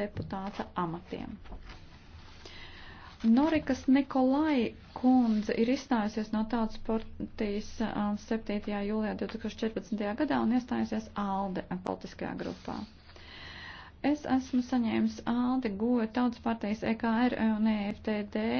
deputāta amatiem. Norikas Nikolai kundze ir izstājusies no tautas partijas 7. Um, jūlijā 2014. gadā un iestājusies ALDE politiskajā grupā. Es esmu saņēmis ALDE, GOE, tautas partijas EKR un EFTD